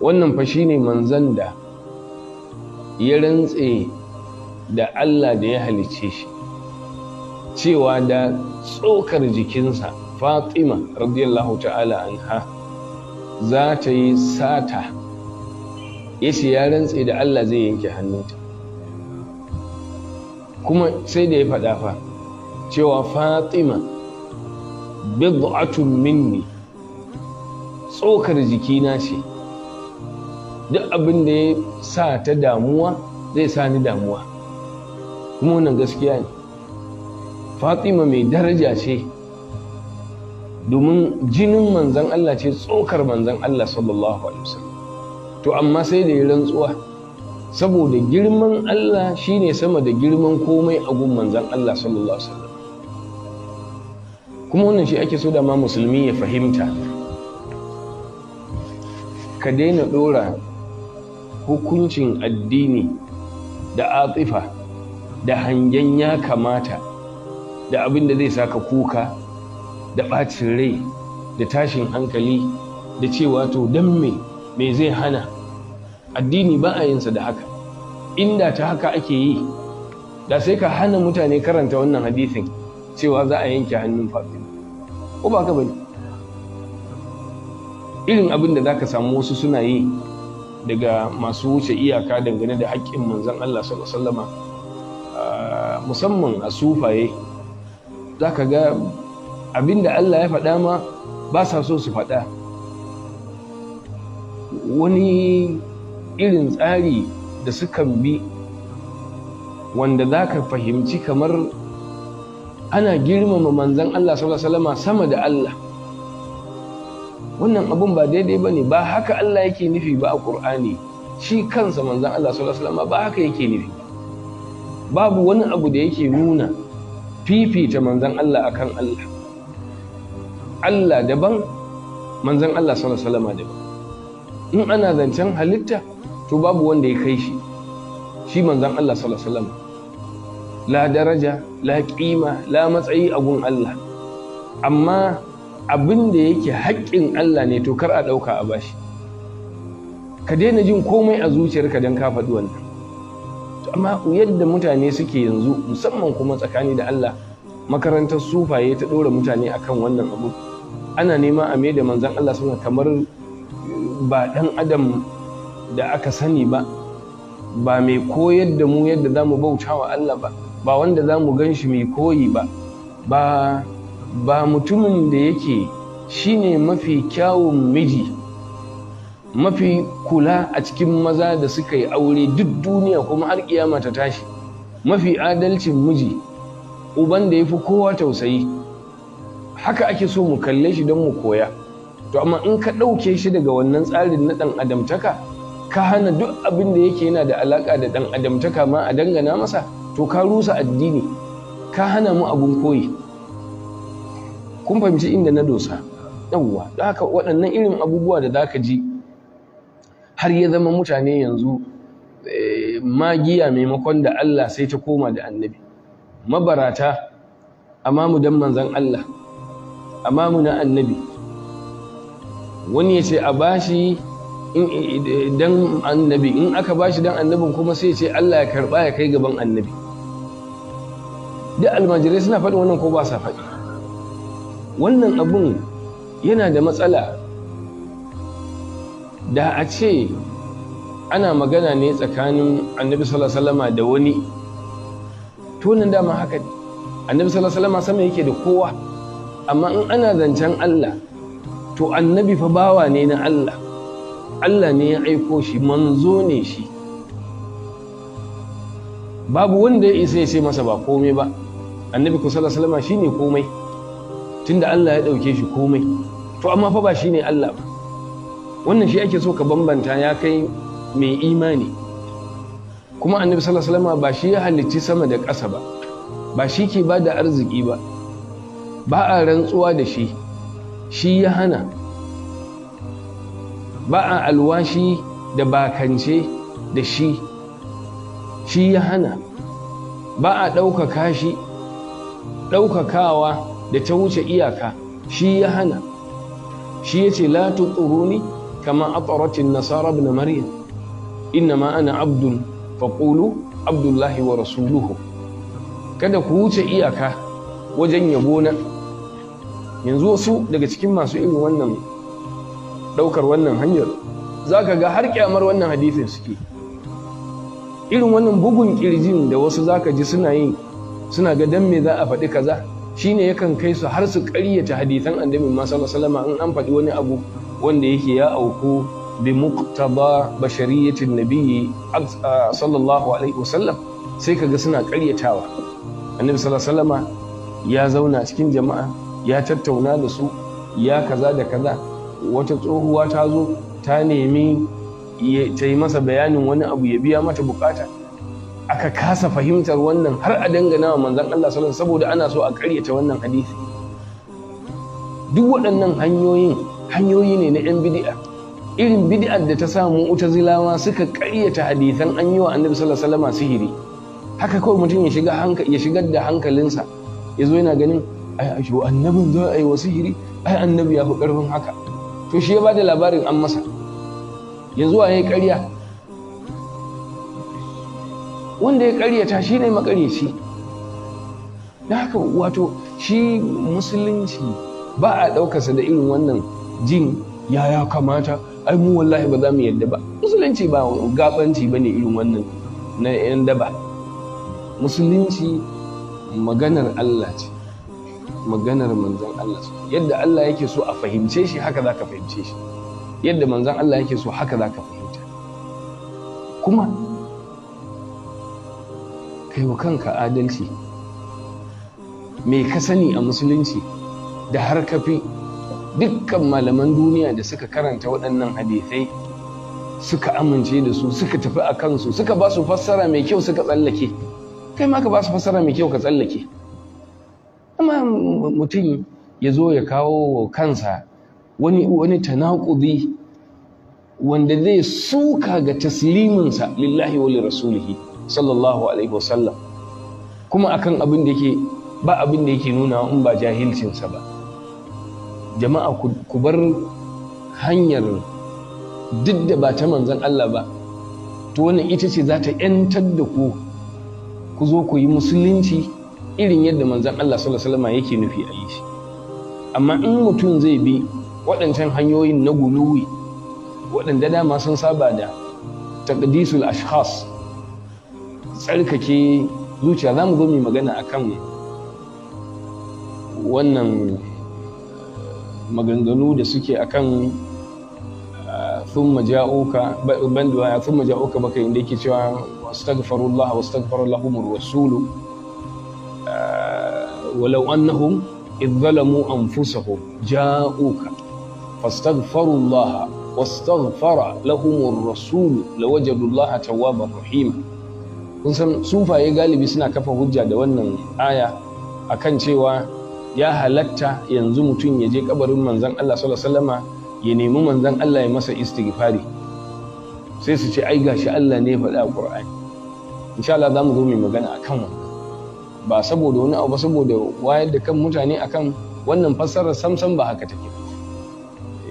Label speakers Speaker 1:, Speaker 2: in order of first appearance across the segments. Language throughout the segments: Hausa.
Speaker 1: wannan fa shine manzon da ya rantse da Allah da ya halicce shi cewa da tsokar jikinsa Fatima radiyallahu ta'ala anha za ta yi sata ya ce ya rantse da Allah zai yanke hannunta kuma sai da ya faɗa fa cewa Fatima bid'atun minni tsokar jikina ce duk abin da ya sa ta damuwa zai sa ni damuwa kuma wannan gaskiya ne fatima mai daraja ce domin jinin manzan Allah ce tsokar manzan Allah sallallahu alaihi wasallam to amma sai da yi rantsuwa saboda girman Allah shine sama da girman komai a gun manzan Allah sallallahu alaihi wasallam kuma wannan shi ake so da ma musulmi ya fahimta ka daina dora hukuncin addini da atsifa da hangen ya kamata da abin da zai saka kuka da ɓacin rai da tashin hankali da cewa to don me me zai hana addini ba a yinsa da haka inda ta haka ake yi da sai ka hana mutane karanta wannan hadisin cewa za a yanke hannun faɗin. ko ba ka bane irin abin da za ka samu wasu suna yi daga masu wuce iyaka dangane da haƙƙin manzan Allah sallama ah, musamman a sufaye za ka ga abinda Allah ya faɗa ma ba sa so su faɗa wani irin tsari da sukan bi wanda za ka fahimci kamar ana girmama manzan Allah sallama sama da Allah wannan abun ba daidai ba ne ba haka Allah yake nufi ba a ƙur'ani shi kansa manzan Allah sallallahu alaihi wasallam ba haka yake nufi babu wani abu da yake nuna fifita manzan Allah akan Allah Allah daban manzan Allah sallallahu alaihi wasallam daban in ana zancen halitta to babu wanda ya kai shi shi manzan Allah sallallahu alaihi wasallam la daraja la kima la matsayi a gun Allah amma abin da yake haƙƙin Allah ne to kar a ɗauka a bashi ka daina jin komai a zuciyarka don ka faɗi wannan amma yadda mutane suke yanzu musamman kuma tsakani da Allah makarantar sufaye ta ɗora mutane akan wannan abu ana nema a mai da manzan Allah suna kamar ba ɗan adam da aka sani ba ba mai koyar da mu yadda za mu bauta wa Allah ba ba wanda za mu gan shi mai koyi ba ba ba mutumin da yake ne mafi kyawun miji mafi kula a cikin maza da suka yi aure duk duniya kuma har kiyama ta tashi mafi adalcin miji uban da ya fi kowa tausayi haka ake so mu kalle shi don mu koya to amma in ka ɗauke shi daga wannan tsarin na ɗan adamtaka ka hana duk abin da yake yana da alaƙa da ɗan adamtaka ma a dangana masa to ka rusa addini ka hana mu abun koyi kun fahimci inda na dosa yawwa da haka waɗannan irin abubuwa da zaka ji har ya zama mutane yanzu eh, magiya maimakon da Allah sai ta koma da annabi mabarata amma mu dan manzon Allah amma mu na annabi wani ya ce a bashi dan annabi in aka bashi dan annabin kuma sai ce Allah ya karba ya kai gaban annabi duk almajirai suna faɗi wannan ko ba sa faɗi wannan abun yana da matsala da a ce ana magana ne tsakanin annabi wasallam da wani tunan dama haka annabi wasallam sama yake da kowa amma in ana zancen Allah to annabi fa bawa ne na Allah Allah ne ya aiko shi manzo ne shi babu wanda ya isa ya ce masa ba komai ba annabi alaihi wasallam shine komai tunda Allah ya ɗauke shi komai to amma fa ba shi ne Allah ba wannan shi ake so ka bambanta ya kai mai imani kuma annabi sallallahu alaihi ba shi ya halicci sama da ƙasa ba ba shi ke ba da arziki ba ba a rantsuwa da shi shi ya hana ba a alwashi da bakance da shi shi ya hana ba a ɗaukaka shi ɗaukakawa da ta wuce iyaka shi ya hana shi ya ce la tuquruni kama ataratin nasara na maryam ma ana abdun faƙulu abdullahi wa rasuluhu kada ku wuce iyaka wajen yabo na yanzu wasu daga cikin masu irin wannan ɗaukar wannan hanyar Za ka ga har kyamar wannan hadisin suke irin wannan bugun ƙirjin da wasu za ka ji suna yin suna ga dan me za a faɗi kaza shine yakan kai su har su ƙaryata hadisan annabi ma sallallahu in an faɗi wani abu wanda yake ya auku bi muqtada bashariyatin nabiyyi sallallahu alaihi wasallam sai kaga suna ƙaryatawa annabi sallallahu ya zauna cikin jama'a ya tattauna da su ya kaza da kaza wata tsohuwa ta zo ta nemi ta yi masa bayanin wani abu ya biya mata bukata aka kasa fahimtar wannan har a dangana wa Manzan Allah salon saboda ana so a karyata wannan hadisi duk waɗannan hanyoyin hanyoyi ne na yan bid'a irin bidi'ar da ta samu zilawa suka karyata hadisan an yi wa annabi sallallahu sihiri haka kawai mutum ya shiga ya shigar da hankalinsa ya zo yana ganin ai ashe annabin za a yi wa sihiri ai annabi ya fi karfin haka to shi ya da labarin an masa yanzu ya yi karya wanda ya karyata shi ne maƙaryaci da haka wato shi musulunci ba a daukarsa da irin wannan jin ya ya kamata ai mu wallahi ba za mu yadda ba musulunci ba gabanci ba ne irin wannan na yan daba musulunci maganar Allah ce maganar manzan Allah ce yadda Allah yake so a fahimce shi haka za ka fahimce shi yadda manzan Allah yake so haka za ka fahimta kuma kai wa kanka adalci me ka sani a musulunci da har kafi dukkan malaman duniya da suka karanta waɗannan hadisai suka amince da su suka tafi a kansu suka ba su fassara mai kyau suka tsallake kai ma ka ba su fassara mai kyau ka tsallake amma mutum ya zo ya kawo wa kansa wani wani wanda zai suka ga tasliminsa lillahi wa rasulihi sallallahu alaihi wasallam kuma akan abin da yake ba abin da yake nuna in ba jahilcinsa ba jama'a ku bar hanyar duk da ba ta manzan Allah ba to wannan ita ce za ta 'yantar da ku ku zo ku yi musulunci irin yadda manzan Allah sallallahu yake nufi a yi shi amma in mutum zai bi waɗancan hanyoyin na guluwi waɗanda dama sun saba da takdisul ashkhas tsarkake zuciya za mu zo mai magana a kan wannan maganganu da suke a kan sun ah, maja'uka banduwa sun maja'uka baka inda yake cewa astagfirullah wa astagfirullah rasulu ah, walau annahum idh zalamu anfusahum ja'uka fastaghfaru Allah واستغفر لهم الرسول لوجدوا الله توابا rahima. kun san sufaye galibi suna kafa hujja da wannan aya kan cewa ya halatta yanzu mutum ya je kabarin manzan Allah sallallahu alaihi ya nemi manzan Allah ya masa istighfari sai su ce ai gashi Allah ne ya faɗa a Qur'ani insha Allah za mu zo mu magana akan wannan ba saboda wani abu saboda wayar da kan mutane akan wannan fassarar samsam ba haka take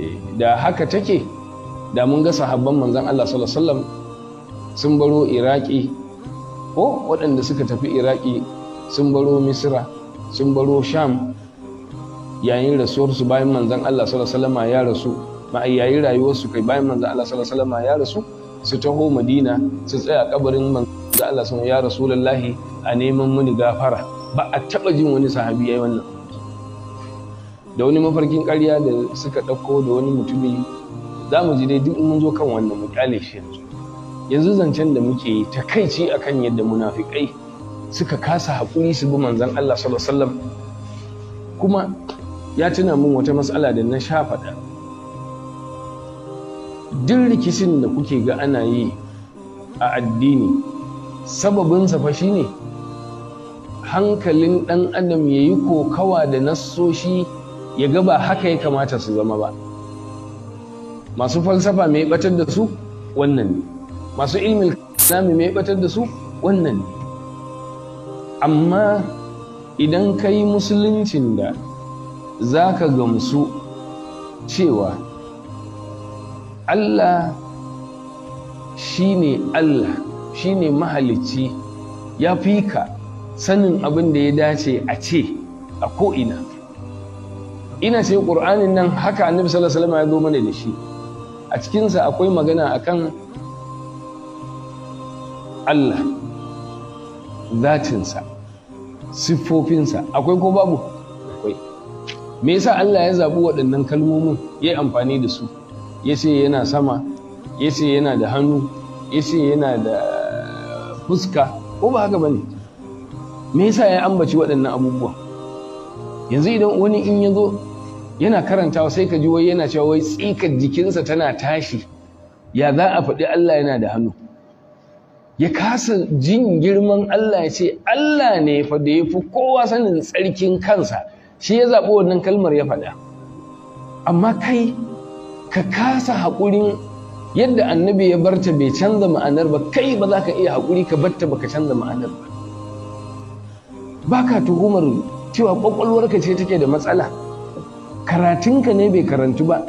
Speaker 1: eh, da haka take da mun ga sahabban manzan Allah sallallahu alaihi wasallam sun baro Iraki ko waɗanda suka tafi iraki sun baro misira sun baro sham yayin rasuwarsu bayan manzan allah sallallahu ya rasu yayin rayuwarsu kai bayan manzan allah sallallahu ya rasu su taho madina su tsaya kabarin manzan allah sun ya rasu, lallahi a neman muni gafara ba a taɓa jin wani sahabi yayi wannan da wani mafarkin karya da suka ɗauko da wani mutumi za mu ji dai duk mun zo kan wannan mu kyale shi yanzu yanzu zancen da muke yi a kan yadda munafikai suka kasa haƙuri su bi manzon Allah sallallahu kuma ya tuna min wata matsala da na sha faɗa duk rikicin da kuke ga ana yi a addini sababinsa fa ne, hankalin ɗan adam ya yi kokawa da nassoshi ya ga ba haka ya kamata su zama ba masu falsafa mai batar da su wannan ne masu ilmin kalami mai batar da su wannan ne amma idan ka yi musuluncin da za ka gamsu cewa Allah shi ne Allah shi ne mahalicci ya fi ka sanin abin da ya dace a ce a ko'ina ina ce ƙur'anin nan haka annabi sallallahu alaihi ya zo mana da shi a cikinsa akwai magana akan Allah zatinsa siffofinsa akwai ko babu akwai me yasa Allah ya zaɓi waɗannan kalmomin ya yi amfani da su ya ce yana sama ya ce yana da hannu ya ce yana da fuska ko ba haka bane me yasa ya ambaci waɗannan abubuwa yanzu idan wani in ya zo yana karantawa sai ka ji wai yana cewa wai tsikar jikinsa tana tashi ya za a faɗi Allah yana da hannu ya kasa jin girman Allah ya ce Allah ne fa da ya fi kowa sanin tsarkin kansa shi ya zaɓi wannan kalmar ya faɗa amma kai ka kasa haƙurin yadda annabi ya barta bai canza ma'anar ba kai ba za ka iya haƙuri ka barta ba ka canza ma'anar ba ba ka tuhumar cewa ƙwaƙwalwarka ce take da matsala karatunka ne bai karantu ba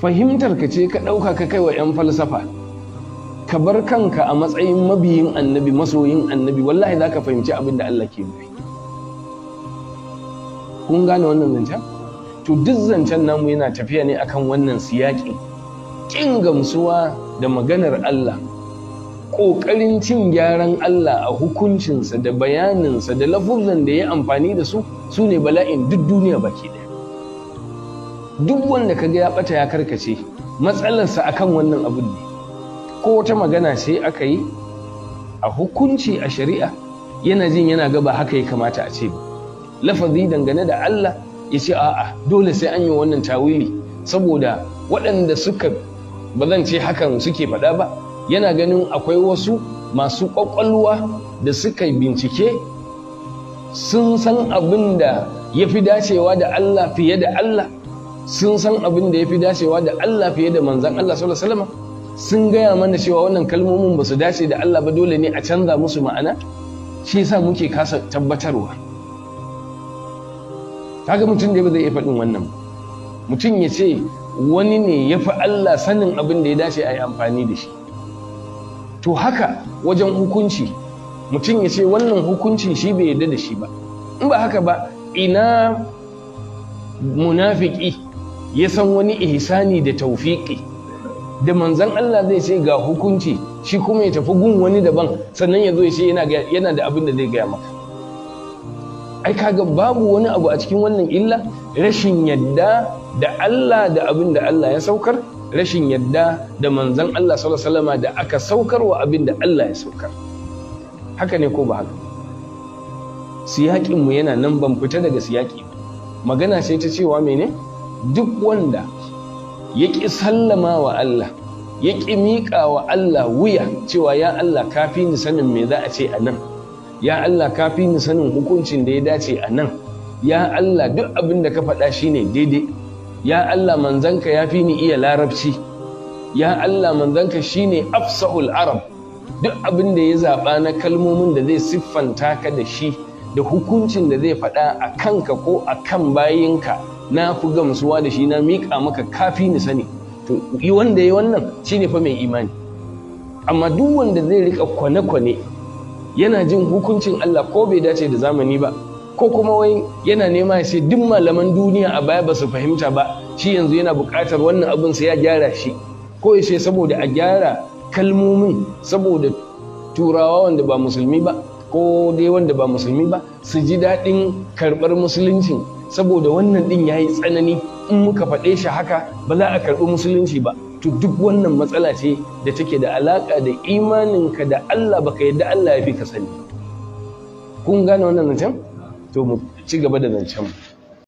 Speaker 1: fahimtarka ce ka ɗauka ka kai wa 'yan falsafa ka bar kanka a matsayin mabiyin annabi masoyin annabi wallahi za ka fahimci abin da Allah ke nufi kun gane wannan zancen to duk zancen namu yana tafiya ne akan wannan siyaƙi ƙin gamsuwa da maganar Allah ƙoƙarin cin gyaran Allah a hukuncinsa da bayaninsa da lafuzan da ya amfani da su su ne bala'in duk duniya baki ɗaya duk wanda kaga ya ɓata ya karkace matsalarsa akan wannan abin ne ko wata magana sai aka yi a hukunci a shari'a yana jin yana gaba haka ya kamata a ce ba lafazi dangane da Allah ya ce a'a dole sai an yi wannan tawili saboda waɗanda suka ba zan ce hakan suke faɗa ba yana ganin akwai wasu masu ƙwaƙwalwa da suka bincike sun san abin da ya fi dacewa da Allah fiye da Allah sun san abin da ya fi dacewa da Allah fiye da manzan Allah sallallahu alaihi wasallam sun gaya mana cewa wannan kalmomin ba su dace da Allah ba dole ne a canza musu ma'ana shi yasa muke kasa tabbatarwa kaga mutum da ba zai iya faɗin wannan mutum ya ce wani ne ya fi Allah sanin abin da ya dace a yi amfani da shi to haka wajen hukunci mutum ya ce wannan hukuncin shi bai yarda da shi ba in ba haka ba ina munafiki ya san wani ihsani da taufiƙi da manzan Allah zai ce ga hukunci shi kuma ya tafi gun wani daban sannan ya zo ya ce yana da abin da zai gaya maka ai kaga babu wani abu a cikin wannan illa rashin yadda da Allah da abin da Allah ya saukar rashin yadda da manzan Allah sallallahu da aka saukar wa abin da Allah ya saukar haka ne ko ba haka siyaƙin mu yana nan ban fita daga siyaƙi magana sai ta cewa mene duk wanda ya ƙi sallama wa Allah ya ƙi miƙa wa Allah wuya cewa ya Allah kafi ni sanin me za a ce a nan ya Allah kafi ni sanin hukuncin da ya dace a nan ya Allah duk abin da ka faɗa shine daidai ya Allah manzanka ya fi ni iya larabci ya Allah manzanka shine afsahul arab duk abin da ya zaɓa na kalmomin da zai siffanta ka da shi da hukuncin da zai faɗa a kanka ko a kan bayinka na fi gamsuwa da shi na miƙa maka kafi ni sani to wanda ya wannan shine fa mai imani amma duk wanda zai rika kwane-kwane yana jin hukuncin Allah ko bai dace da zamani ba ko kuma wai yana nema ya ce duk malaman duniya a baya ba su fahimta ba shi yanzu yana buƙatar wannan abin sai ya gyara shi ko ya ce saboda a gyara kalmomin saboda turawa wanda ba musulmi ba ko dai wanda ba musulmi ba su ji daɗin karɓar musuluncin saboda wannan din ya yi tsanani in muka faɗe shi haka ba za a karɓi musulunci ba to duk wannan matsala ce da take da alaƙa da imaninka da Allah baka yadda Allah ya fi ka sani kun gane wannan zancen to mu ci gaba da zancen mu